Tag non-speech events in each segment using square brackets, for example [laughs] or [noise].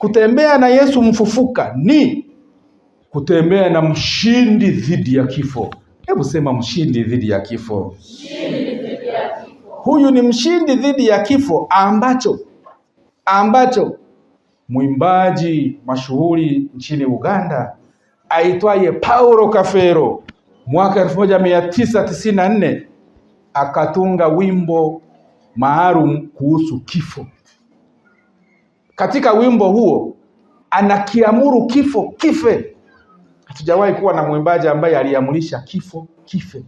Kutembea na Yesu mfufuka ni kutembea na mshindi dhidi ya kifo. Hebu sema mshindi dhidi ya kifo. Huyu ni mshindi dhidi ya kifo ambacho ambacho mwimbaji mashuhuri nchini Uganda aitwaye Paulo Kafero mwaka 1994 akatunga wimbo maalum kuhusu kifo katika wimbo huo anakiamuru kifo kife. Hatujawahi kuwa na mwimbaji ambaye aliamrisha kifo kife.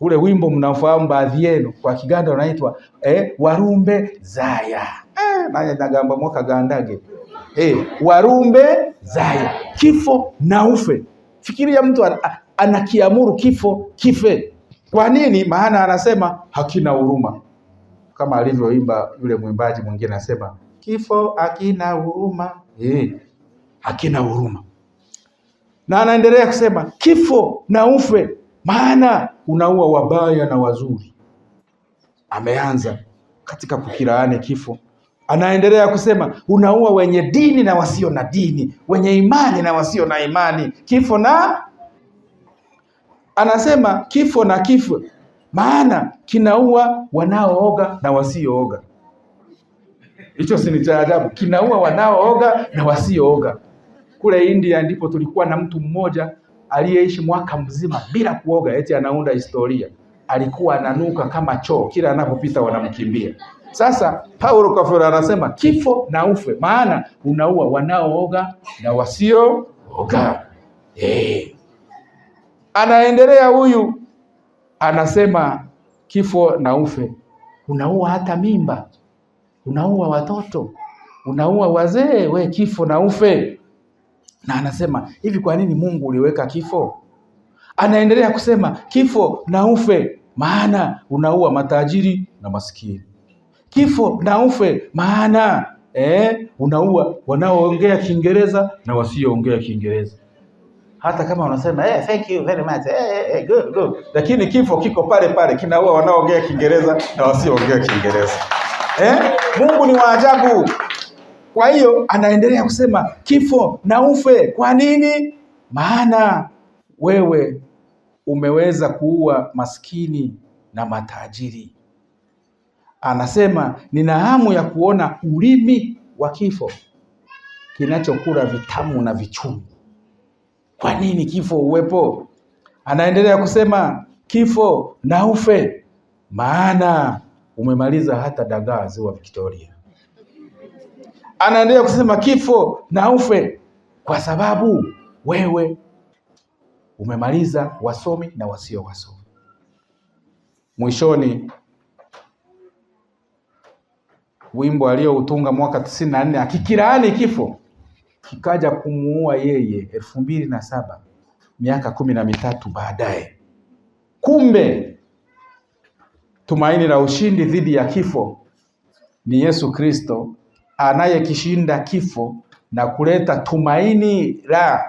Ule wimbo mnafahamu baadhi yenu, kwa Kiganda unaitwa eh, warumbe zaya eh, nanye nagamba mwaka gandage eh, warumbe zaya, kifo na ufe. Fikiria mtu anakiamuru kifo kife. Kwa nini? Maana anasema hakina huruma, kama alivyoimba yule mwimbaji mwingine anasema kifo hakina huruma eh, hakina huruma. Na anaendelea kusema kifo na ufe, maana unaua wabaya na wazuri. Ameanza katika kukilaani kifo, anaendelea kusema unaua wenye dini na wasio na dini, wenye imani na wasio na imani. Kifo na anasema kifo na kifo, maana kinaua wanaooga na wasiooga Hicho si ni cha ajabu, kinaua wanaooga na wasiooga. Kule India ndipo tulikuwa na mtu mmoja aliyeishi mwaka mzima bila kuoga, eti anaunda historia. Alikuwa ananuka kama choo, kila anapopita wanamkimbia. Sasa Paulo Kafero anasema kifo na ufe, maana unaua wanaooga na wasiooga. Hey. Eh. Anaendelea huyu anasema kifo na ufe unaua hata mimba unaua watoto, unaua wazee, we kifo na ufe. Na anasema hivi, kwa nini Mungu uliweka kifo? Anaendelea kusema kifo na ufe, maana unaua matajiri na maskini. Kifo na ufe, maana eh, unaua wanaoongea Kiingereza na wasioongea Kiingereza hata kama unasema eh, thank you very much eh, eh, eh, good good, lakini kifo kiko pale pale, kinaua wanaoongea Kiingereza na wasioongea Kiingereza eh? Mungu ni waajabu. Kwa hiyo anaendelea kusema kifo na ufe. Kwa nini? Maana wewe umeweza kuua maskini na matajiri. Anasema nina hamu ya kuona ulimi wa kifo kinachokula vitamu na vichungu. Kwa nini kifo uwepo? Anaendelea kusema kifo na ufe, maana umemaliza hata dagaa ziwa Victoria. Anaendelea kusema kifo na ufe, kwa sababu wewe umemaliza wasomi na wasio wasomi. Mwishoni, wimbo aliyoutunga mwaka tisini na nne akikirani kifo kikaja kumuua yeye elfu mbili na saba miaka kumi na mitatu baadaye. Kumbe Tumaini la ushindi dhidi ya kifo ni Yesu Kristo anayekishinda kifo na kuleta tumaini la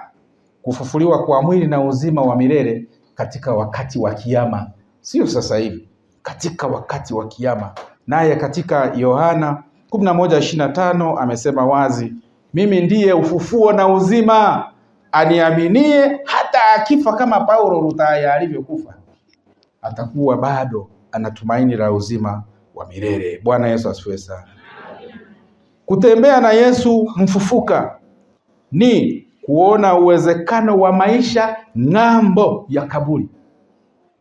kufufuliwa kwa mwili na uzima wa milele katika wakati wa Kiyama, sio sasa hivi, katika wakati wa Kiyama. Naye katika Yohana 11:25 amesema wazi, mimi ndiye ufufuo na uzima, aniaminie hata akifa kama Paulo Rutaya alivyokufa, atakuwa bado ana tumaini la uzima wa milele. Bwana Yesu asifiwe sana. Kutembea na Yesu mfufuka ni kuona uwezekano wa maisha ng'ambo ya kaburi.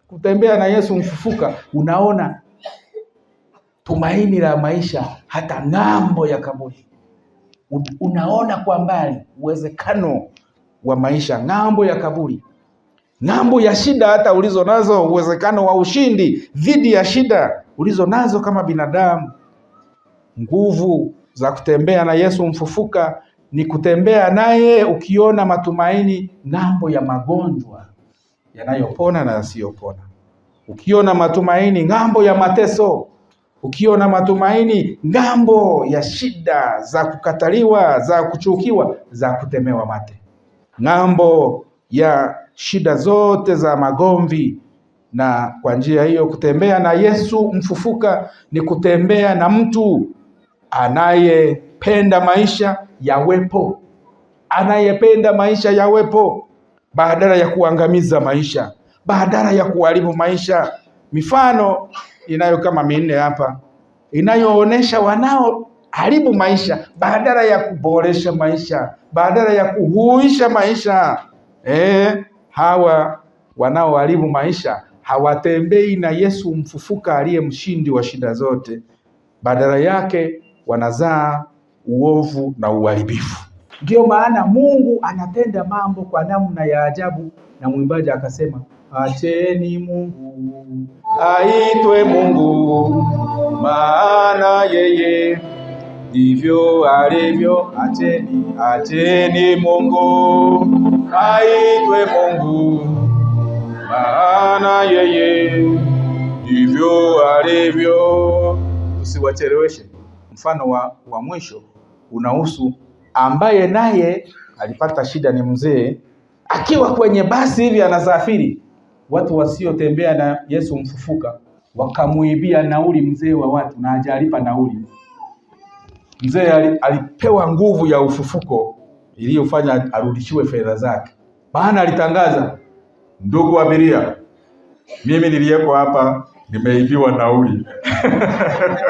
Kutembea na Yesu mfufuka, unaona tumaini la maisha hata ng'ambo ya kaburi. Unaona kwa mbali uwezekano wa maisha ng'ambo ya kaburi ng'ambo ya shida hata ulizo nazo, uwezekano wa ushindi dhidi ya shida ulizo nazo kama binadamu. Nguvu za kutembea na Yesu mfufuka ni kutembea naye ukiona matumaini ng'ambo ya magonjwa yanayopona na yasiyopona, ukiona matumaini ng'ambo ya mateso, ukiona matumaini ng'ambo ya shida za kukataliwa, za kuchukiwa, za kutemewa mate, ng'ambo ya shida zote za magomvi, na kwa njia hiyo kutembea na Yesu mfufuka ni kutembea na mtu anayependa maisha yawepo, anayependa maisha yawepo badala ya kuangamiza maisha, badala ya kuharibu maisha. Mifano inayo kama minne hapa inayoonesha haribu maisha badala ya kuboresha maisha, badala ya kuhuisha maisha eh, hawa wanaoharibu maisha hawatembei na Yesu mfufuka aliye mshindi wa shida zote, badala yake wanazaa uovu na uharibifu. Ndiyo maana Mungu anatenda mambo kwa namna ya ajabu, na mwimbaji akasema, acheni Mungu aitwe Mungu, maana yeye ndivyo alivyo. Acheni, acheni Mungu aitwe Mungu, maana yeye ndivyo alivyo. Usiwacheleweshe. Mfano wa, wa mwisho unahusu ambaye naye alipata shida, ni mzee akiwa kwenye basi hivi anasafiri, watu wasiotembea na Yesu mfufuka wakamuibia nauli mzee wa watu na hajalipa nauli mzee alipewa nguvu ya ufufuko iliyofanya arudishiwe fedha zake, bana alitangaza, ndugu abiria, mimi niliyeko hapa nimeibiwa nauli.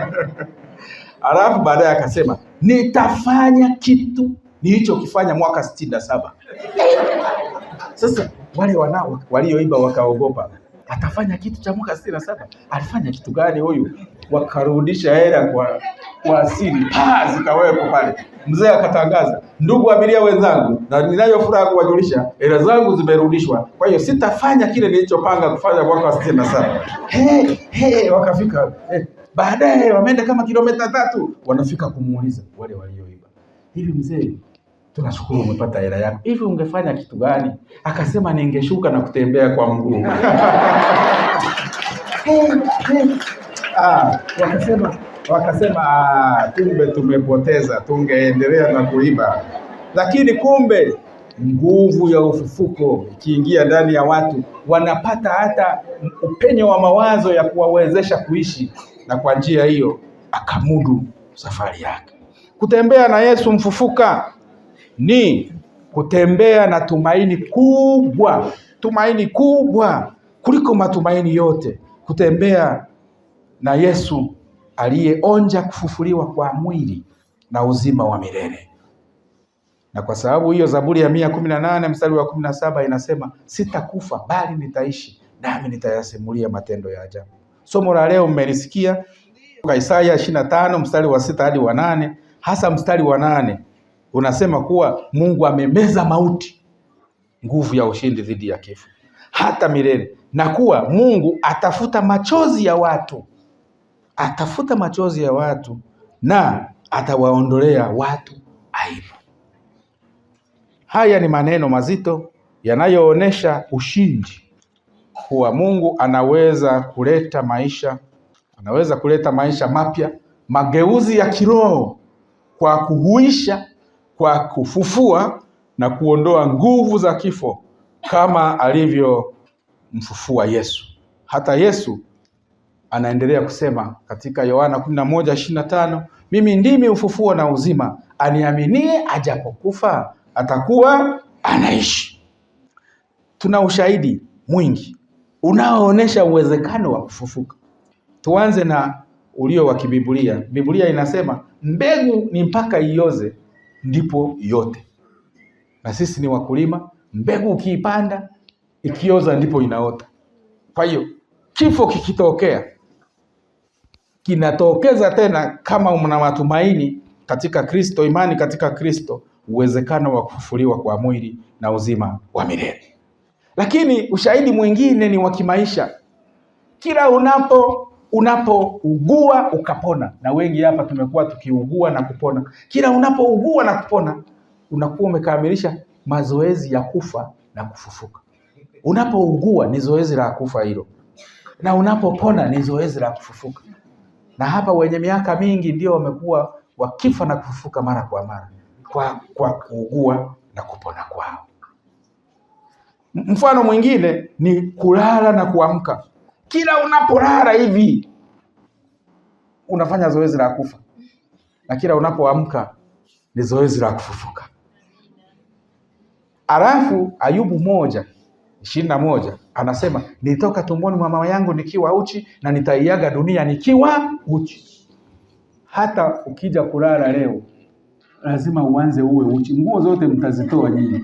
[laughs] Alafu baadaye akasema nitafanya kitu nilichokifanya mwaka sitini na saba. Sasa wale wanao walioiba wakaogopa, atafanya kitu cha mwaka sitini na saba? Alifanya kitu gani huyu? wakarudisha hela kwa, kwa asili ah, pale. Mzee akatangaza, ndugu abiria wenzangu, na ninayo furaha kuwajulisha hela zangu zimerudishwa, kwa hiyo sitafanya kile nilichopanga kufanya mwaka wa sitini na saba. Hey, hey, wakafika hey. Baadaye wameenda kama kilomita tatu, wanafika kumuuliza wale walioiba, hivi mzee tunashukuru umepata hela yako, hivi ungefanya kitu gani? Akasema ningeshuka na kutembea kwa mguu. hey, [laughs] hey wakasema wakasema ah, kumbe tumepoteza, tungeendelea na kuiba. Lakini kumbe nguvu ya ufufuko ikiingia ndani ya watu, wanapata hata upenyo wa mawazo ya kuwawezesha kuishi, na kwa njia hiyo akamudu safari yake. Kutembea na Yesu mfufuka ni kutembea na tumaini kubwa, tumaini kubwa kuliko matumaini yote, kutembea na Yesu aliyeonja kufufuliwa kwa mwili na uzima wa milele. Na kwa sababu hiyo, Zaburi ya mia kumi na nane mstari wa kumi na saba inasema sitakufa, bali nitaishi nami nitayasimulia matendo ya ajabu. Somo la leo mmelisikia kwa Isaya 25 mstari wa sita hadi wa nane. Hasa mstari wa nane unasema kuwa Mungu amemeza mauti, nguvu ya ushindi dhidi ya kifo hata milele, na kuwa Mungu atafuta machozi ya watu atafuta machozi ya watu na atawaondolea watu aibu. Haya ni maneno mazito yanayoonesha ushindi kuwa Mungu anaweza kuleta maisha, anaweza kuleta maisha mapya, mageuzi ya kiroho kwa kuhuisha, kwa kufufua na kuondoa nguvu za kifo kama alivyomfufua Yesu. Hata Yesu anaendelea kusema katika Yohana kumi na moja ishirini na tano mimi ndimi ufufuo na uzima, aniaminie ajapokufa atakuwa anaishi. Tuna ushahidi mwingi unaoonyesha uwezekano wa kufufuka. Tuanze na ulio wa kibibulia. Biblia inasema mbegu ni mpaka ioze ndipo yote, na sisi ni wakulima. Mbegu ukiipanda ikioza ndipo inaota. Kwa hiyo kifo kikitokea kinatokeza tena, kama mna matumaini katika Kristo, imani katika Kristo, uwezekano wa kufufuliwa kwa mwili na uzima wa milele. Lakini ushahidi mwingine ni wa kimaisha. Kila unapo unapougua ukapona, na wengi hapa tumekuwa tukiugua na kupona. Kila unapougua na kupona, unakuwa umekamilisha mazoezi ya kufa na kufufuka. Unapougua ni zoezi la kufa hilo, na unapopona ni zoezi la kufufuka na hapa wenye miaka mingi ndio wamekuwa wakifa na kufufuka mara kwa mara kwa, kwa kuugua na kupona kwao. Mfano mwingine ni kulala na kuamka. Kila unapolala hivi unafanya zoezi la kufa, na kila unapoamka ni zoezi la kufufuka. Alafu Ayubu moja ishirini na moja anasema nilitoka tumboni mwa mama yangu nikiwa uchi na nitaiaga dunia nikiwa uchi. Hata ukija kulala leo lazima uanze uwe uchi. Nguo zote mtazitoa nyinyi,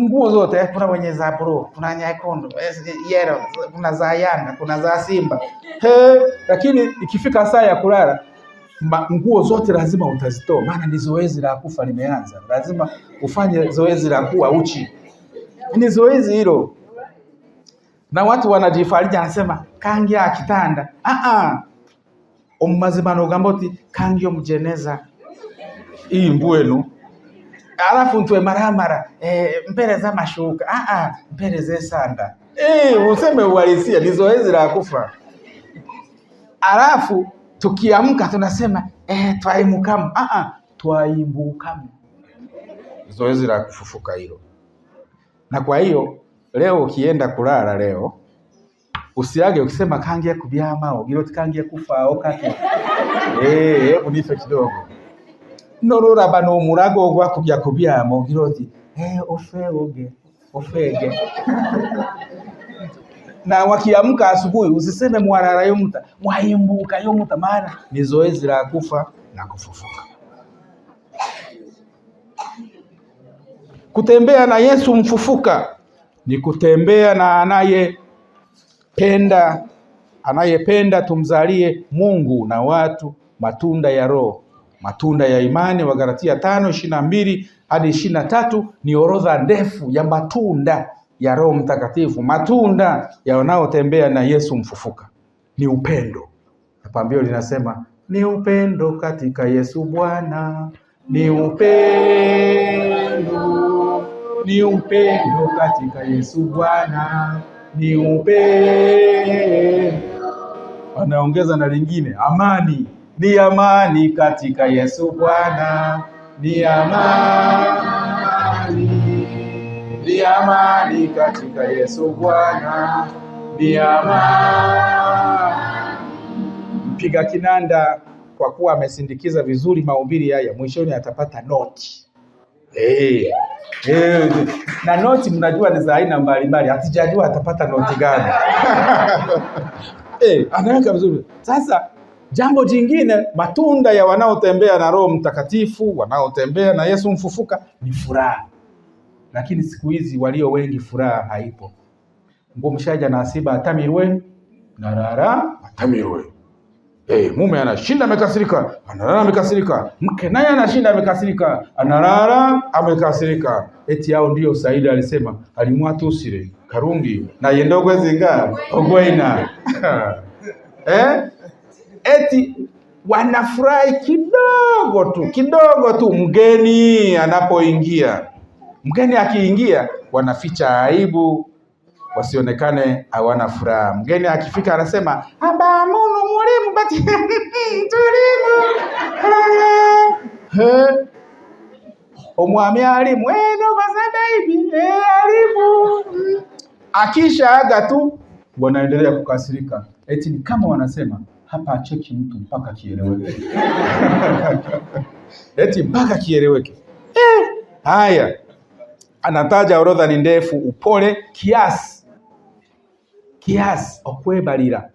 nguo zote. Eh, kuna wenye za bro, kuna nyekundu, eh, yellow, kuna za Yanga, kuna za Simba he, lakini ikifika saa ya kulala nguo zote lazima utazitoa, maana ni zoezi la kufa limeanza. Lazima ufanye zoezi la kuwa uchi, ni zoezi hilo na watu wanajifarija anasema kangi ya kitanda ah omumazima nogamba oti kangi yomujeneza iyi mbu enu alafu ntwe maramara e, eh, mpereza mashuka ah mpereza esanda e, eh, useme uhalisia ni la kufa alafu tukiamka tunasema e, eh, twaimukamu ah twaimbukamu zoezi la kufufuka hilo na kwa hiyo leo ukienda kulala leo usiage ukisema kangia kubyama ogiroti kangiye kufa okake [laughs] ee, eh hebu nife kidogo umurago ogwa kubya kubyama ogira oti eh ofe oge ofege [laughs] na wakiamka asubuhi usiseme mwalala yo mwaimbuka yo mara ni zoezi la kufa na kufufuka. Kutembea na Yesu mfufuka ni kutembea na anayependa anayependa tumzalie Mungu na watu matunda ya Roho. Matunda ya imani, Wagalatia tano ishirini na mbili hadi ishirini na tatu ni orodha ndefu ya matunda ya Roho Mtakatifu, matunda ya wanaotembea na Yesu mfufuka. Ni upendo, pambio linasema ni upendo katika Yesu Bwana, ni upendo ni upendo katika Yesu Bwana, ni upendo. anaongeza na lingine, amani ni amani katika Yesu Bwana, ni amani, ni amani katika Yesu Bwana, ni amani. Mpiga kinanda kwa kuwa amesindikiza vizuri mahubiri haya, mwishoni atapata noti Eh. Eh. Na noti mnajua ni za aina mbalimbali, hatijajua atapata noti gani. [laughs] Eh, anaweka vizuri. Sasa jambo jingine, matunda ya wanaotembea na Roho Mtakatifu, wanaotembea na Yesu mfufuka ni furaha. Lakini siku hizi walio wengi furaha haipo. Ngumshaja na asiba atamirwe narara atamirwe Hey, eh, mume anashinda amekasirika, analala amekasirika, mke naye anashinda amekasirika, analala amekasirika. Eti hao ndio Saida alisema alimwatusire karungi naye ndogwezinga ogweina [laughs] eh? Eti wanafurahi kidogo tu kidogo tu, mgeni anapoingia, mgeni akiingia wanaficha aibu wasionekane hawana furaha. Mgeni akifika anasema aba munu mulimu bati [laughs] tulimu omwami alimu enobasadaibi alimu akisha aga tu wanaendelea kukasirika, eti ni kama wanasema hapa acheki mtu mpaka kieleweke [laughs] eti mpaka kieleweke. Eh, haya anataja orodha ni ndefu, upole kiasi kiasi okwebalira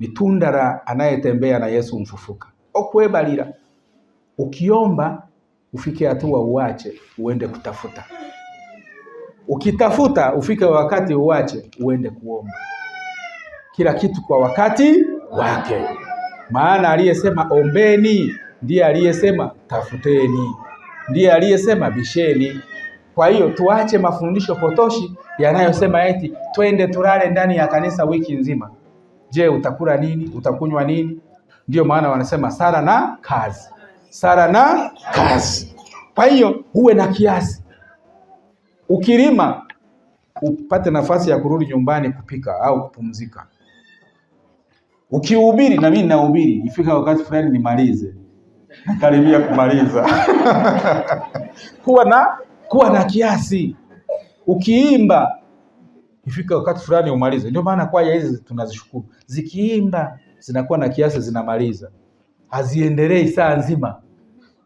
mitundara la anayetembea na Yesu mfufuka. Okwebalira, ukiomba ufike hatua uache, uende kutafuta. Ukitafuta ufike wakati uache, uende kuomba. Kila kitu kwa wakati wake, maana aliyesema ombeni ndiye aliyesema tafuteni, ndiye aliyesema bisheni. Kwa hiyo tuache mafundisho potoshi yanayosema eti twende tulale ndani ya kanisa wiki nzima. Je, utakula nini? Utakunywa nini? Ndiyo maana wanasema sala na kazi, sala na kazi. Kwa hiyo uwe na kiasi, ukilima upate nafasi ya kurudi nyumbani kupika au kupumzika. Ukihubiri na mimi ninahubiri, ifika wakati fulani nimalize, nakaribia kumaliza [laughs] kuwa na kuwa na kiasi. Ukiimba ifika wakati fulani umalize. Ndio maana kwaya hizi tunazishukuru, zikiimba zinakuwa na kiasi, zinamaliza, haziendelei saa nzima,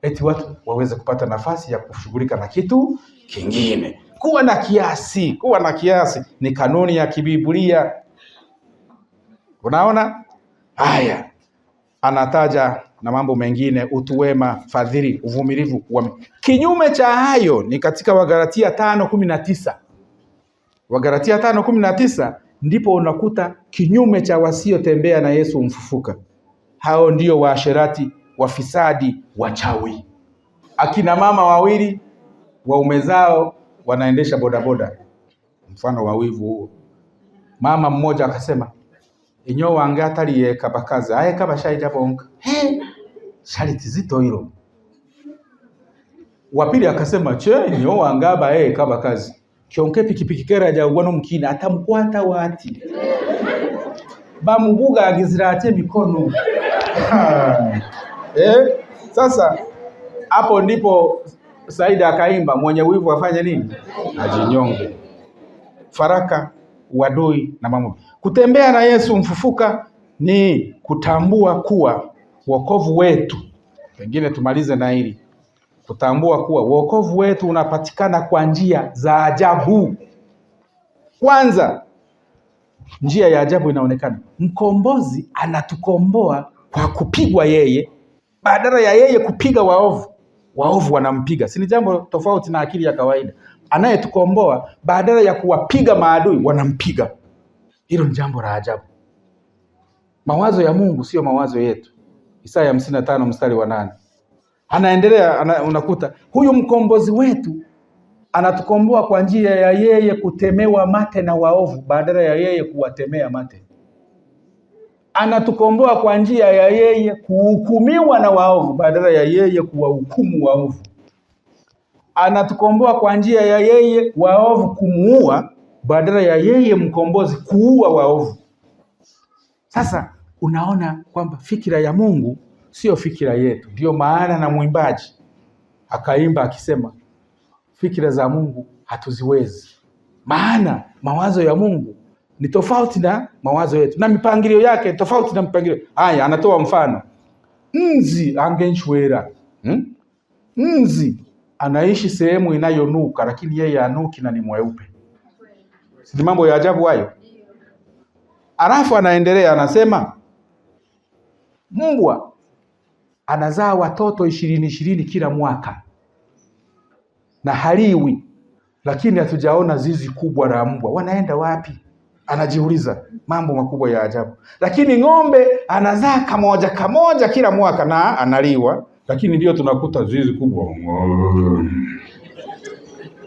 eti watu waweze kupata nafasi ya kushughulika na kitu kingine. Kuwa na kiasi, kuwa na kiasi ni kanuni ya kibiblia. Unaona haya anataja na mambo mengine, utu wema, fadhili, uvumilivu, Kinyume cha hayo ni katika Wagalatia tano kumi na tisa Wagalatia tano kumi na tisa ndipo unakuta kinyume cha wasiotembea na Yesu mfufuka. Hao ndio waasherati, wafisadi, wachawi, akina mama wawili waume zao wanaendesha bodaboda, mfano wa wivu huo. Mama mmoja akasema inyo wange atali bakaza bakazi kaba bashaija bonka shariti hilo wapili akasema che inyo wange hey, bakazi kyonka epikipiki mkina n'omukina atamukwata waati bamubugagizira ate mikono eh? Sasa hapo ndipo Saida akaimba, mwenye wivu afanye nini? Ajinyonge. Faraka, wadui na mambo Kutembea na Yesu mfufuka ni kutambua kuwa wokovu wetu, pengine tumalize na hili, kutambua kuwa wokovu wetu unapatikana kwa njia za ajabu. Kwanza, njia ya ajabu inaonekana. Mkombozi anatukomboa kwa kupigwa yeye, badala ya yeye kupiga waovu, waovu wanampiga. Si ni jambo tofauti na akili ya kawaida? Anayetukomboa badala ya kuwapiga maadui, wanampiga. Hilo ni jambo la ajabu. Mawazo ya Mungu sio mawazo yetu. Isaya hamsini na tano mstari wa nane anaendelea ana, unakuta huyu mkombozi wetu anatukomboa kwa njia ya yeye kutemewa mate na waovu badala ya yeye kuwatemea mate. Anatukomboa kwa njia ya yeye kuhukumiwa na waovu badala ya yeye kuwahukumu waovu. Anatukomboa kwa njia ya yeye waovu kumuua badala ya yeye mkombozi kuua waovu. Sasa unaona kwamba fikira ya Mungu siyo fikira yetu. Ndiyo maana na mwimbaji akaimba akisema, fikira za Mungu hatuziwezi, maana mawazo ya Mungu ni tofauti na mawazo yetu na mipangilio yake ni tofauti na mipangilio. Haya, anatoa mfano, nzi angenchwera hmm? Nzi anaishi sehemu inayonuka, lakini yeye anuki na ni mweupe. Si mambo ya ajabu hayo? Alafu anaendelea anasema, mbwa anazaa watoto ishirini ishirini kila mwaka na haliwi, lakini hatujaona zizi kubwa la mbwa. Wanaenda wapi? Anajiuliza mambo makubwa ya ajabu. Lakini ng'ombe anazaa kamoja kamoja kila mwaka na analiwa, lakini ndio tunakuta zizi kubwa.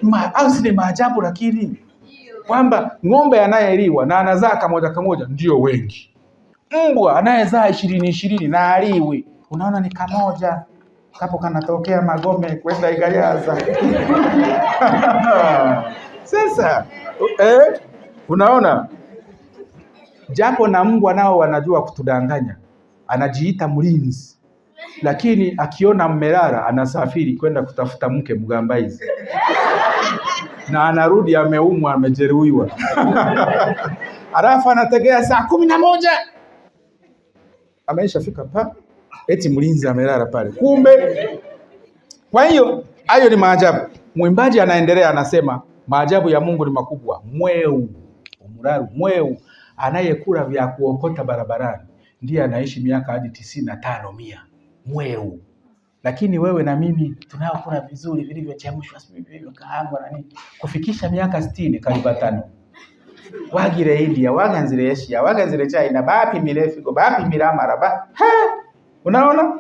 Ma, au si ni maajabu lakini kwamba ng'ombe anayeliwa na anazaa kamoja kamoja ndio wengi, mbwa anayezaa ishirini ishirini na aliwi, unaona ni kamoja kapo kanatokea magome kwenda Igayaza. [laughs] Sasa eh, unaona japo na mbwa nao wanajua kutudanganya, anajiita mlinzi, lakini akiona mmelala anasafiri kwenda kutafuta mke mgambaizi na anarudi ameumwa, amejeruhiwa alafu anategea saa kumi na moja ameishafika pa eti mlinzi amelala pale, kumbe. Kwa hiyo hayo ni maajabu. Mwimbaji anaendelea anasema, maajabu ya Mungu ni makubwa. Mweu umuraru, mweu anayekula vya kuokota barabarani ndiye anaishi miaka hadi tisini na tano mia. Mweu lakini wewe na mimi tunayokula vizuri vilivyochemshwa vilivyokaangwa na nini, kufikisha miaka sitini kalibatano wagire India waganzire Asia waganzire China bapi mirefigo bapi miramara ba unaona.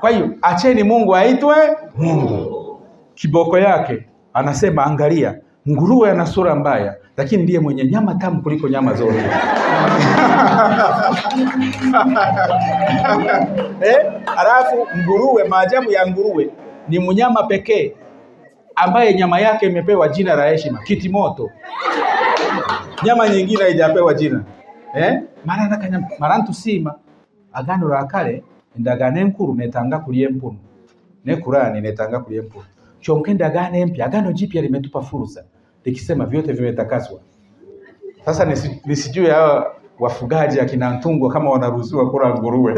Kwa hiyo acheni Mungu aitwe Mungu. Kiboko yake anasema angalia Nguruwe ana sura mbaya, lakini ndiye mwenye nyama tamu kuliko nyama zote [laughs] eh? Alafu nguruwe, maajabu ya nguruwe ni mnyama pekee ambaye nyama yake imepewa jina la heshima, moto. Nyama nyingine haijapewa jina eh? marantusima agano la kale endagaano nkuru netanga kulie empunu ne Kurani netanga kulie empunu kyonka endagaano mpya agano jipya limetupa fursa likisema vyote vimetakaswa. Sasa nisijue hawa wafugaji akina Ntungwa kama wanaruhusiwa kula nguruwe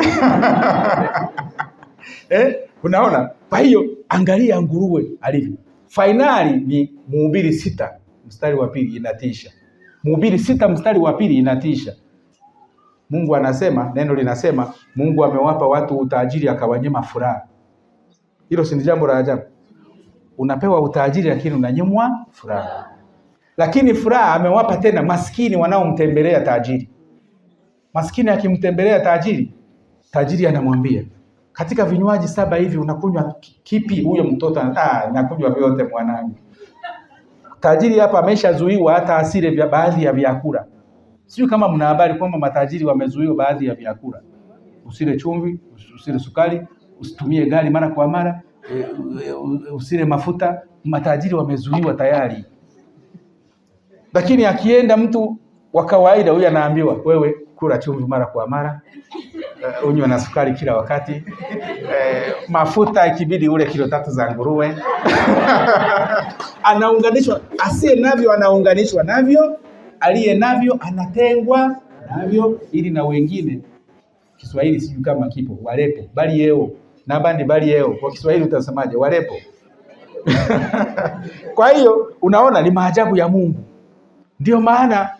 [laughs] eh, unaona? Kwa hiyo angalia nguruwe alivyo. Fainali ni Mhubiri sita mstari wa pili inatisha. Mhubiri sita mstari wa pili inatisha. Mungu anasema, neno linasema Mungu amewapa watu utajiri akawanyima furaha. Hilo si jambo la ajabu? Unapewa utajiri lakini unanyimwa furaha. Lakini furaha amewapa tena maskini wanaomtembelea tajiri. Maskini akimtembelea tajiri, tajiri anamwambia katika vinywaji saba hivi unakunywa kipi? Huyo mtoto ah, nakunywa vyote mwanangu. Tajiri hapa ameshazuiwa hata asile vya baadhi ya vyakula. Sijui kama mna habari kwamba matajiri wamezuiwa baadhi ya vyakula, usile chumvi, usile sukari, usitumie gari mara kwa mara, e, e, usile mafuta. Matajiri wamezuiwa tayari. Lakini akienda mtu wa kawaida, huyu anaambiwa wewe kula chumvi mara kwa mara, uh, eh, unywa na sukari kila wakati, uh, mafuta ikibidi ule kilo tatu za nguruwe [laughs] anaunganishwa. Asiye navyo anaunganishwa navyo, aliye navyo anatengwa navyo, ili na wengine. Kiswahili sijui kama kipo, walepo bali yeo na bandi bali yeo, kwa Kiswahili utasemaje? Walepo [laughs] kwa hiyo unaona ni maajabu ya Mungu ndio maana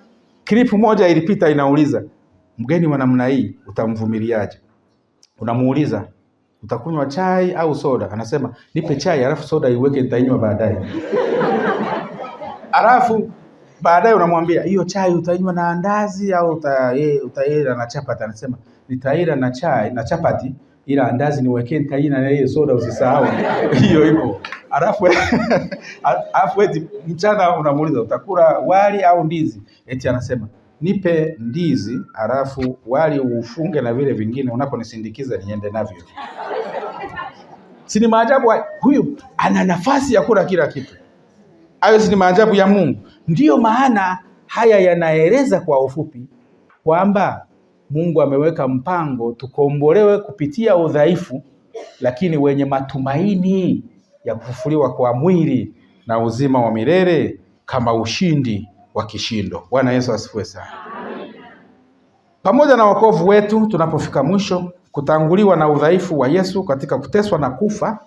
klipu moja ilipita inauliza, mgeni wa namna hii utamvumiliaje? Unamuuliza, utakunywa chai au soda? Anasema nipe chai, alafu soda iweke, nitainywa baadaye. Alafu baadaye unamwambia hiyo chai utainywa na andazi au uta, utaila na chapati? Anasema nitaila na chai na chapati, ila andazi niwekee, nitaila na ile soda, usisahau [laughs] hiyo ipo alafu [laughs] alafu eti mchana unamuuliza utakula wali au ndizi, eti anasema nipe ndizi, alafu wali ufunge na vile vingine unaponisindikiza niende navyo. [laughs] Si ni maajabu huyu ana nafasi ya kula kila kitu. Hayo si ni maajabu ya Mungu. Ndiyo maana haya yanaeleza kwa ufupi kwamba Mungu ameweka mpango tukombolewe kupitia udhaifu, lakini wenye matumaini ya kufufuliwa kwa mwili na uzima wa milele kama ushindi wa kishindo. Bwana Yesu asifiwe sana. Pamoja na wokovu wetu, tunapofika mwisho, kutanguliwa na udhaifu wa Yesu katika kuteswa na kufa,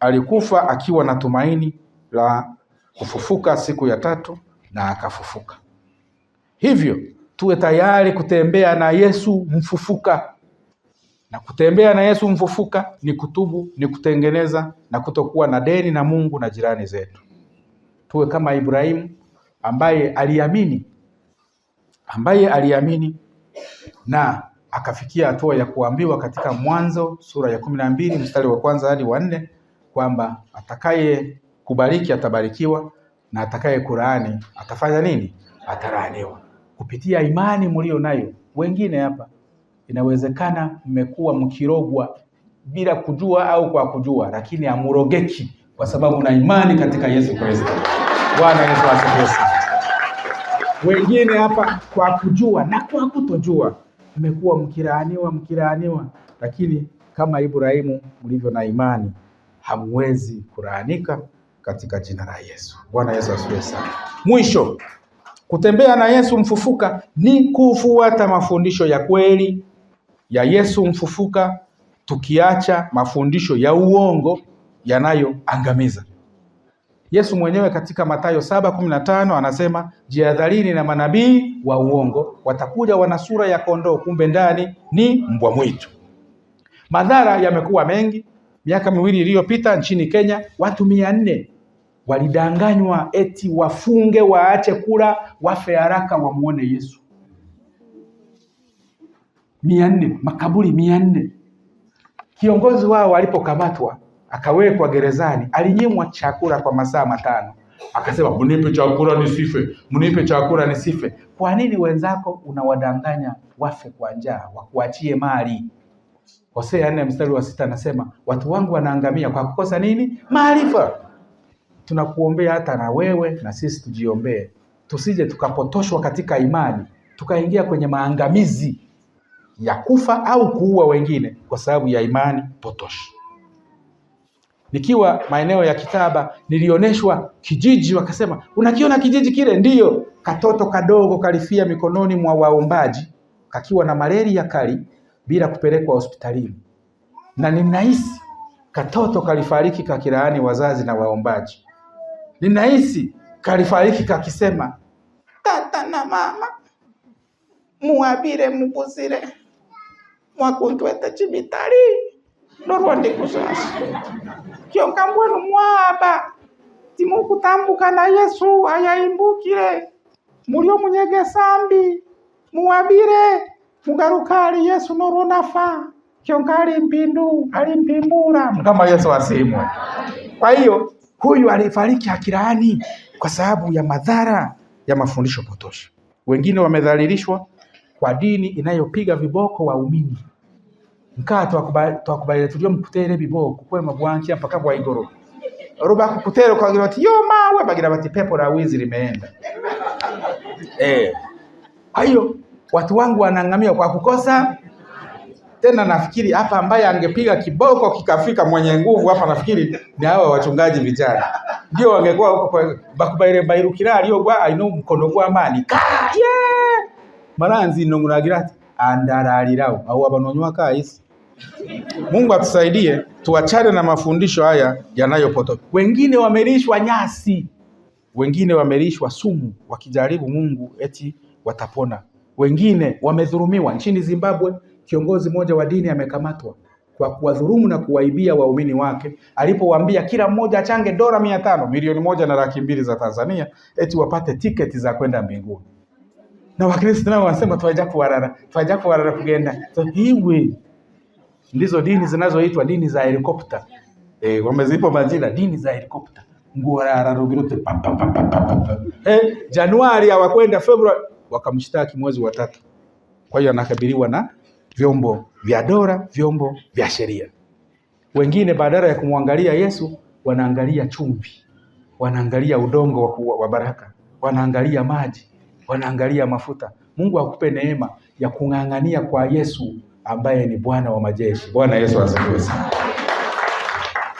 alikufa akiwa na tumaini la kufufuka siku ya tatu na akafufuka. Hivyo tuwe tayari kutembea na Yesu mfufuka na kutembea na Yesu mfufuka ni kutubu, ni kutengeneza na kutokuwa na deni na Mungu na jirani zetu. Tuwe kama Ibrahimu ambaye aliamini, ambaye aliamini na akafikia hatua ya kuambiwa katika Mwanzo sura ya kumi na mbili mstari wa kwanza hadi wa nne kwamba atakaye kubariki atabarikiwa na atakaye kulaani atafanya nini? Atalaaniwa. Kupitia imani mlio nayo, wengine hapa inawezekana mmekuwa mkirogwa bila kujua au kwa kujua, lakini amurogeki kwa sababu na imani katika Yesu Kristo. Bwana Yesu asifiwe. Wengine hapa kwa kujua na kwa kutojua mmekuwa mkiraaniwa mkiraaniwa lakini kama Ibrahimu mlivyo na imani, hamwezi kuraanika katika jina la Yesu. Bwana Yesu asifiwe sana. Mwisho, kutembea na Yesu mfufuka ni kufuata mafundisho ya kweli ya Yesu mfufuka, tukiacha mafundisho ya uongo yanayoangamiza. Yesu mwenyewe katika Mathayo saba kumi na tano anasema jihadharini na manabii wa uongo, watakuja wana sura ya kondoo, kumbe ndani ni mbwa mwitu. Madhara yamekuwa mengi. Miaka miwili iliyopita nchini Kenya watu mia nne walidanganywa eti wafunge, waache kula, wafe haraka, wamuone Yesu mia nne makaburi mia nne Kiongozi wao alipokamatwa akawekwa gerezani, alinyimwa chakula kwa masaa matano. Akasema, mnipe chakula nisife, mnipe chakula nisife. Kwa nini wenzako unawadanganya wafe kwa njaa wakuachie mali? Hosea nne mstari wa sita anasema watu wangu wanaangamia kwa kukosa nini? Maarifa. Tunakuombea hata na wewe na sisi tujiombee, tusije tukapotoshwa katika imani tukaingia kwenye maangamizi ya kufa au kuua wengine kwa sababu ya imani potoshi. Nikiwa maeneo ya Kitaba nilioneshwa kijiji, wakasema unakiona kijiji kile? Ndiyo, katoto kadogo kalifia mikononi mwa waombaji kakiwa na malaria kali bila kupelekwa hospitalini, na ninahisi katoto kalifariki kakilaani wazazi na waombaji. Ninahisi kalifariki kakisema tata na mama muwabire muguzire mwakuntueta chibitari lorwa ndi kusasi kyonkambwenu mwaaba timukutambuka na yesu ayaimbukile mulio munyege sambi mugaruka ali yesu norwonafa ali mpindu ali mpimbura kama yesu asimwe kwa hiyo huyu alifariki akiraani kwa sababu ya madhara ya mafundisho potosha wengine wamedhalilishwa kwa dini inayopiga viboko waumini nkaa twakubali tulio mkutere biboko kwema bwankia mpaka igoro ruba kukutera ukagira bati yo mawe bagira bati pepo la wizi limeenda eh hayo watu wangu wanangamia kwa kukosa tena nafikiri hapa ambaye angepiga kiboko kikafika mwenye nguvu hapa nafikiri ni hawa wachungaji vijana ndio wangekuwa huko bakubaire bairukira aliyogwa i know mkono gwa amani yeah! maranzi nonguragira ati andaralirao au abantu wanywa kaisi. Mungu atusaidie tuachane na mafundisho haya yanayopotoka. Wengine wamelishwa nyasi, wengine wamelishwa sumu, wakijaribu Mungu eti watapona. Wengine wamedhulumiwa. Nchini Zimbabwe, kiongozi mmoja wa dini amekamatwa kwa kuwadhulumu na kuwaibia waumini wake alipowaambia kila mmoja achange dola mia tano milioni moja na laki mbili za Tanzania eti wapate tiketi za kwenda mbinguni na Wakristo nao wasema twajya kuwarara, twajya kuwarara kugenda so, hiwe ndizo dini zinazoitwa dini za helikopta eh, wamezipo majina dini za helikopta ngorara rugirute pam pam pam pam pam eh, Januari hawakwenda Februari, wakamshtaki mwezi wa tatu. Kwa hiyo anakabiliwa na vyombo vya dola, vyombo vya sheria. Wengine badala ya kumwangalia Yesu wanaangalia chumvi, wanaangalia udongo wa baraka, wanaangalia maji wanaangalia mafuta. Mungu akupe neema ya kung'ang'ania kwa Yesu ambaye ni Bwana wa majeshi. Bwana Yesu asifiwe sana.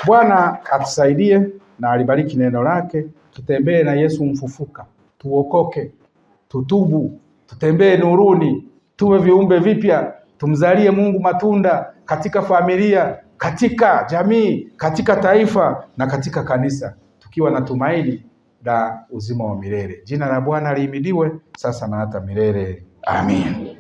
Bwana atusaidie na alibariki neno lake. Tutembee na Yesu mfufuka, tuokoke, tutubu, tutembee nuruni, tuwe viumbe vipya, tumzalie Mungu matunda katika familia, katika jamii, katika taifa na katika kanisa, tukiwa na tumaini na uzima wa milele. Jina la Bwana liimidiwe sasa na hata milele. Amin.